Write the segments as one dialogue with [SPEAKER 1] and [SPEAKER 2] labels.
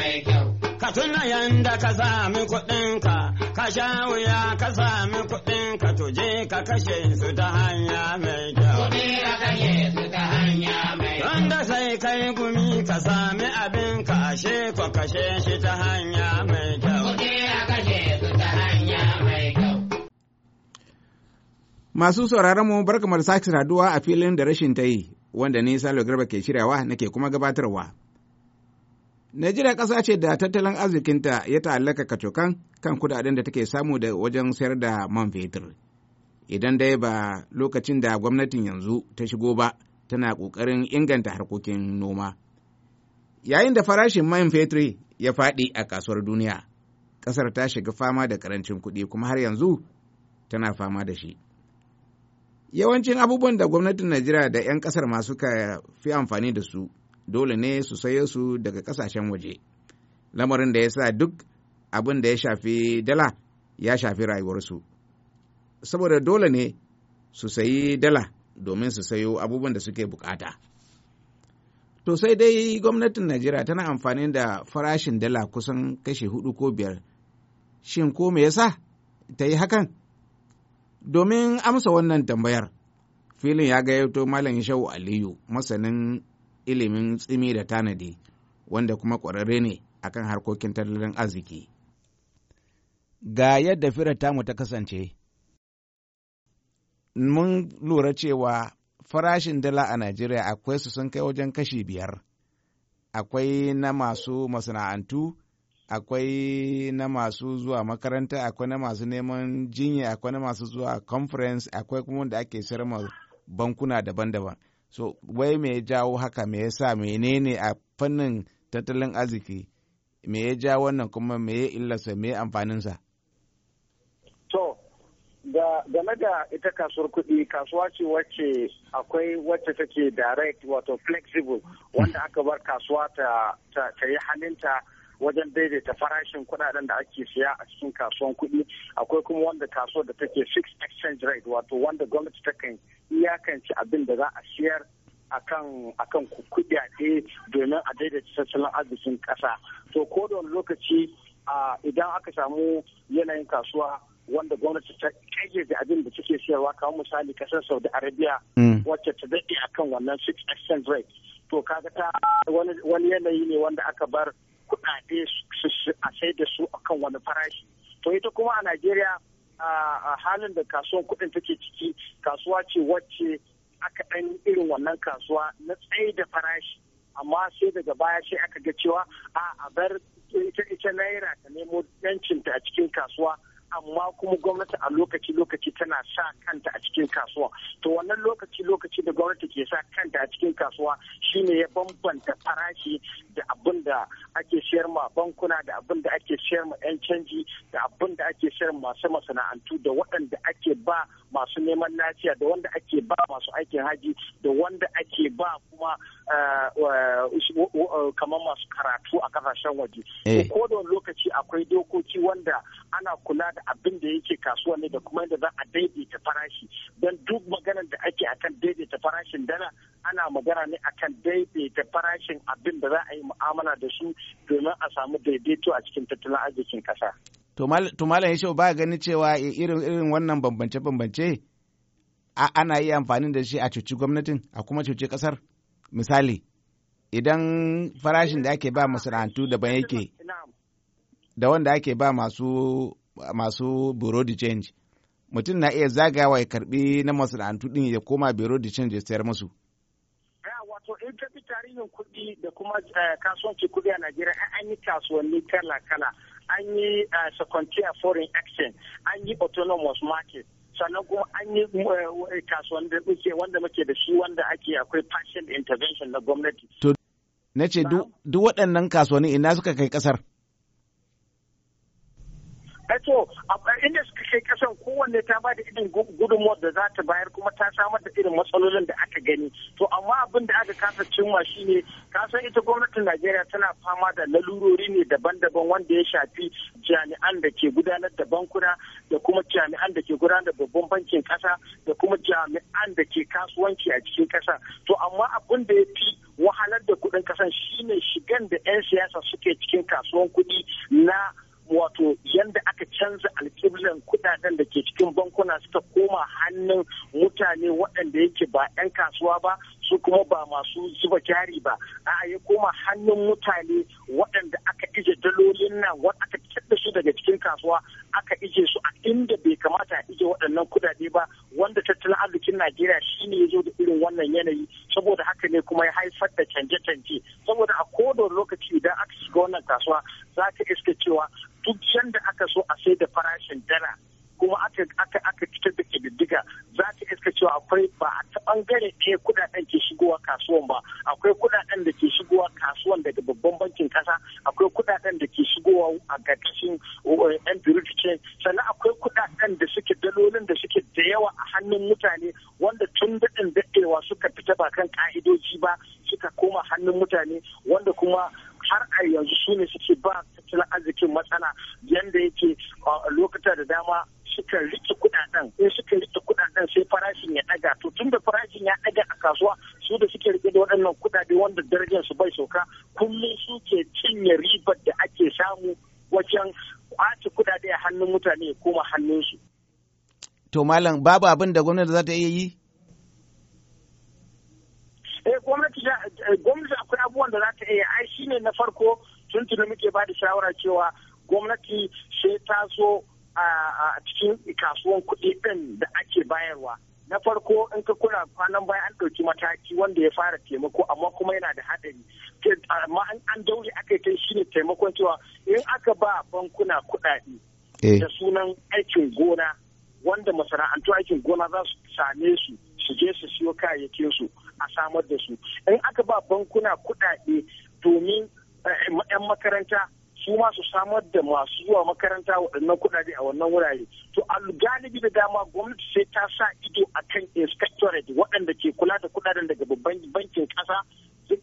[SPEAKER 1] kyau. ka tuna yanda ka sami kuɗinka, ka sha wuya ka sami kuɗinka tuje ka kashe su ta hanya mai kyau. Kuɗi ka kashe su ta hanya mai kyau. Wanda sai kai gumi ka sami abin ka ashe ko kashe shi ta hanya mai kyau. Kuɗi ka kashe su ta hanya mai kyau.
[SPEAKER 2] Masu sauraron mu barkamar sake saduwa a filin da rashin ta yi, wanda ni Salo Garba ke shiryawa nake kuma gabatarwa. Najeriya ƙasa ce da tattalin arzikinta ya ta'allaka kacokan kan kudaden da take samu da wajen sayar da man fetur. Idan dai ba lokacin da gwamnatin yanzu ta shigo ba tana ƙoƙarin inganta harkokin noma. Yayin da farashin man fetur ya faɗi a kasuwar duniya, ƙasar ta shiga fama da ƙarancin kuɗi kuma har yanzu tana fama da shi. Yawancin abubuwan da gwamnatin Najeriya da 'yan ƙasar masu fi amfani da su dole ne su sayo su daga kasashen waje lamarin da ya sa duk abin da ya shafi dala ya shafi rayuwarsu saboda dole ne su sayi dala domin su sayo abubuwan da suke bukata to sai dai gwamnatin najeriya tana amfani da farashin dala kusan kashe hudu ko biyar shin ko me yasa ta yi hakan domin amsa wannan tambayar filin ya gayyato malam shau aliyu masanin ilimin tsimi da tanadi wanda kuma ƙwararre ne akan harkokin tattalin arziki. Ga yadda firar tamu ta kasance, mun lura cewa farashin dala a Najeriya akwai su sun kai wajen kashi biyar, akwai na masu masana'antu, akwai na masu zuwa makaranta, akwai na masu neman jinya, akwai na masu zuwa conference, akwai kuma da ake sayar bankuna daban-daban. so wai me ya jawo haka me yasa menene a fannin tattalin arziki me ya ja wannan kuma me ya illarsa me ya amfaninsa
[SPEAKER 3] to da game da ita kasuwar kuɗi kasuwa ce wacce akwai wacce take direct wato flexible wanda aka bar kasuwa ta, ta yi halinta wajen daidaita farashin kuɗaɗen da ake siya a cikin kasuwan kuɗi akwai kuma wanda kasuwar da take fixed exchange rate wato wanda gwamnati takan iyakance abin da za a siyar akan akan ɗaya domin a daidaita tattalin arzikin ƙasa to ko da wani lokaci idan aka samu yanayin kasuwa wanda gwamnati ta kayyade abin da take siyarwa kamar misali kasar saudi arabia mm. wacce ta daɗe akan wannan fixed exchange rate to kaga ta wani yanayi ne wanda aka bar kuɗaɗe a sai da su akan wani farashi to ita kuma a najeriya a halin da kasuwan kuɗin take ciki kasuwa ce wacce aka ɗan irin wannan kasuwa na tsaye da farashi amma sai daga baya sai aka ga cewa a bar ita ita naira ta nemo yancinta a cikin kasuwa amma kuma gwamnati a lokaci-lokaci tana sa kanta a cikin kasuwa to wannan lokaci-lokaci da gwamnati ke sa kanta a cikin kasuwa shine ya bambanta farashi siyar ma bankuna da abin da ake siyar ma 'yan canji da abin da ake siyar masu masana'antu da waɗanda ake ba masu neman lafiya da wanda ake ba masu aikin haji da wanda ake ba kuma uh, uh, uh, kamar masu karatu a kasashen waje. Eh. Ko da lokaci akwai dokoki wanda ana kula da abin da yake kasuwa ne da kuma yadda za a daidaita farashi don duk maganar da ake akan daidaita farashin dana ana magana ne akan daidaita farashin abin da za a yi mu'amala da su domin a samu daidaito a cikin tattalin arzikin kasa.
[SPEAKER 2] to malam ya ba gani cewa irin wannan bambance-bambance ana iya amfani da shi a cuci gwamnatin a kuma cuci kasar misali idan farashin da ake ba masana'antu daban yake da wanda ake ba masu masu bureau de change mutum na iya zagawa ya karbi na masana'antu din ya koma bureau de change ya sayar musu
[SPEAKER 3] wato in ka tarihin kuɗi da kuma eh, kasuwanci kuɗi a najeriya an yi kasuwanni kala-kala an yi eh, secondary foreign action an yi autonomous market sannan kuma an yi eh, eh, kasuwan da muke wanda muke da shi wanda ake akwai partial intervention na gwamnati.
[SPEAKER 2] To, na ce duk waɗannan kasuwanni ina suka kai ƙasar?
[SPEAKER 3] Eh, to inda suka kai kasan kowanne ta ba da irin gudunmuwar da za ta bayar kuma ta samar da irin matsalolin da aka gani to amma abin da aka kasa cimma shine kasan ita gwamnatin najeriya tana fama da lalurori ne daban-daban wanda ya shafi jami'an da ke gudanar da bankuna da kuma jami'an da ke gudanar da babban bankin kasa da kuma jami'an da ke kasuwanci a cikin kasa to amma abin da ya fi wahalar da kuɗin kasan shine shigan da 'yan siyasa suke cikin kasuwan kuɗi na wato yanda canza alƙiblan kudaden da ke cikin bankuna suka koma hannun mutane waɗanda yake ba 'yan kasuwa ba su kuma ba masu zuba jari ba a ya koma hannun mutane waɗanda aka ije dalolin nan aka da su daga cikin kasuwa aka ije su a inda bai kamata a ije waɗannan kudade ba wanda tattalin arzikin najeriya shine ya zo da irin wannan yanayi saboda haka ne kuma ya haifar da canje-canje saboda a kodon lokaci idan aka shiga wannan kasuwa za ka iska cewa duk yanda aka so a sai da farashin dala kuma aka aka aka fitar da kididdiga za ta iska cewa akwai ba a ta bangare ɗaya kudaden ke shigowa kasuwan ba akwai kudaden da ke shigowa kasuwan daga babban bankin kasa dama suka rike kudaden sai suka rike kudaden sai farashin ya daga to tunda farashin ya daga a kasuwa su da suke rike da waɗannan kudade wanda darajar su bai sauka kullum suke cinye ribar da ake samu wajen kwace kudade a hannun mutane ya koma hannunsu.
[SPEAKER 2] To malam babu abin da gwamnati za ta iya yi?
[SPEAKER 3] Eh gwamnati eh, gwamnati akwai abubuwan da za ta iya ai shine na farko tun tuni muke ba da shawara cewa gwamnati sai ta so. a cikin kasuwan kuɗi ɗin da ake bayarwa na farko in ka kuna kwanan baya an ɗauki mataki wanda ya fara taimako amma kuma yana da haɗari amma an daure aka kai shi ne taimakon cewa in aka ba bankuna kuɗaɗe eh. da sunan aikin gona wanda masana'antu aikin gona za su same su su je su siyo kayayyakin su a samar da su in aka ba bankuna kuɗaɗe domin eh, 'yan makaranta su ma su samar da masu zuwa makaranta waɗannan kuɗaɗe a wannan wurare to a galibi da dama gwamnati sai ta sa ido a kan inspectorate waɗanda ke kula da kuɗaɗen daga babban bankin ƙasa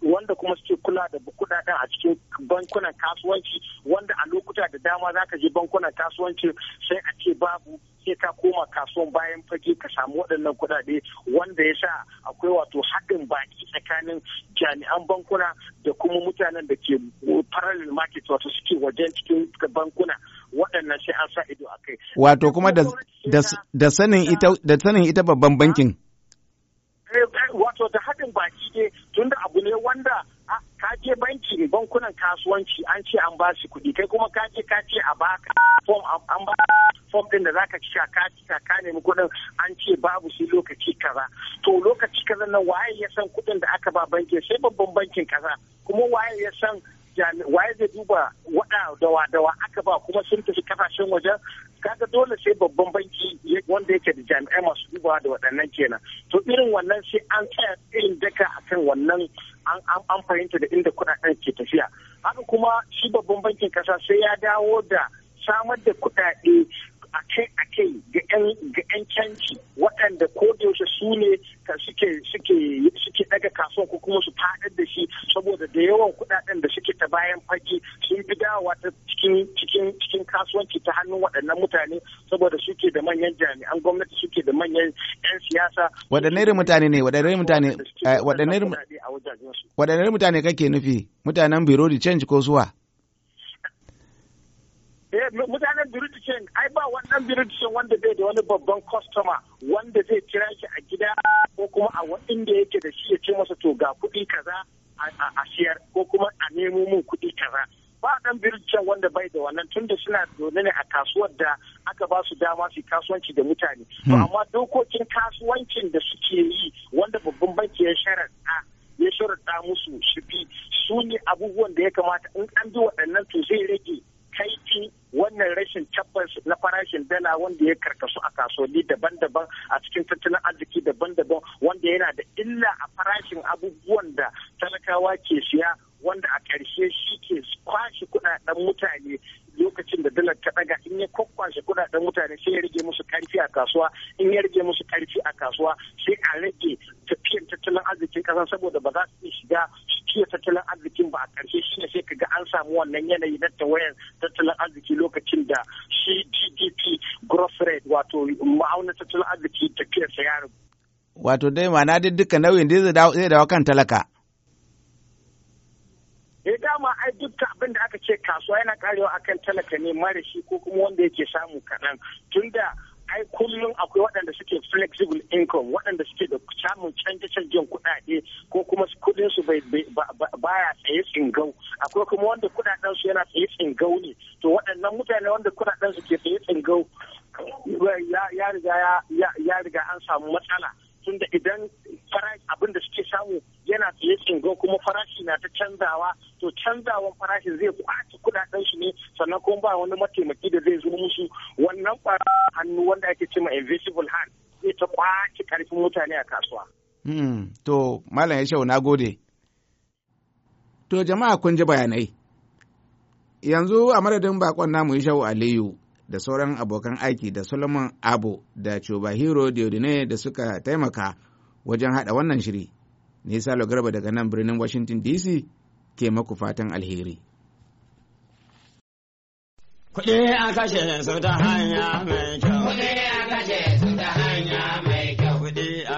[SPEAKER 3] wanda kuma suke kula da kudaden a cikin bankunan kasuwanci wanda a lokuta da dama zaka je bankunan kasuwanci sai a ce babu sai ka koma kasuwan bayan fage ka samu waɗannan kuɗaɗe wanda ya sa akwai wato haɗin baki tsakanin jami'an bankuna da kuma mutanen da ke parallel market wato suke wajen cikin bankuna waɗannan sai an sa ido a kai.
[SPEAKER 2] Wato kuma da sanin ita babban bankin.
[SPEAKER 3] wato da haɗin baki ne tunda abu ne wanda ka je banki bankunan kasuwanci an ce an ba shi kuɗi kai kuma ka je ka ce a baka form an ba form din da zaka ci ka cika ka nemi kuɗin an ce babu shi lokaci kaza to lokaci kaza nan waye ya san kuɗin da aka ba bankin sai babban bankin kaza kuma waye ya san waye zai duba wada dawa dawa aka ba kuma sun tafi kasashen wajen kaga dole sai babban banki wanda yake da jami'ai masu duba da waɗannan kenan to irin wannan sai an tsaya irin daka akan wannan an fahimta da inda kuɗaɗen ke tafiya haka kuma shi babban bankin kasa sai ya dawo da samar da kuɗaɗe akai-akai ga 'yan
[SPEAKER 2] waɗanne irin mutane ne waɗanne irin mutane eh,
[SPEAKER 3] waɗanne
[SPEAKER 2] irin mutane kake nufi mutanen biro di change ko suwa
[SPEAKER 3] eh, mutanen biro di change ai ba wannan biro di change wanda bai da wani babban customer wanda zai kira shi a gida ko kuma a inda yake da shi ya ce masa to ga kuɗi kaza a siyar ko kuma a nemo mun kuɗi kaza ba dan birjan wanda bai da wannan tunda suna zaune ne a kasuwar da aka ba su dama su kasuwanci da mutane hmm. amma dokokin kasuwancin da suke yi wanda babban banki ya sharaɗa ya sharaɗa musu su bi su ne abubuwan da ya kamata in an bi waɗannan to zai rage kaifin wannan rashin tabbas na farashin dala wanda ya karkasu a kasuwanni daban-daban a cikin tattalin arziki daban-daban wanda yana da illa a farashin abubuwan da talakawa ke siya kudaden mutane lokacin da dalar ta daga in ya kwakwashe kudaden mutane sai ya rage musu karfi a kasuwa in ya rage musu karfi a kasuwa sai a rage tafiyar tattalin arzikin kasa saboda ba za su iya shiga shi tattalin arzikin ba a karshe shi ne sai kaga an samu wannan yanayi na tawayan tattalin arziki lokacin da shi GDP growth rate wato ma'aunin tattalin arziki tafiyar sa ya
[SPEAKER 2] Wato dai ma'ana duk duka nauyin zai dawo kan talaka.
[SPEAKER 3] eh dama ai duk abin da aka ce kasuwa yana karewa akan talaka ne mara shi ko kuma wanda yake samu kaɗan tunda ai kullum akwai waɗanda suke flexible income waɗanda suke da samun canje-canjen kuɗaɗe ko kuma kuɗin su baya tsaye tsingau akwai kuma wanda ta kwaki karfin mutane a kasuwa.
[SPEAKER 2] Hmm, to, Malam Yashau, na gode. To, jama'a kun ji bayanai. Yanzu a madadin bakon namu Yashau Aliyu da sauran abokan aiki da Solomon Abo da Chobahiro Diodine da suka taimaka wajen haɗa wannan shiri. Nisa Garba daga nan birnin Washington DC ke maku fatan alheri. Kuɗi a kashe su ta hanya mai kyau. Kuɗi a kashe su ta hanya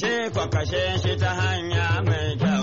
[SPEAKER 1] kashe kwa
[SPEAKER 3] kashe shi ta hanya mai kyau.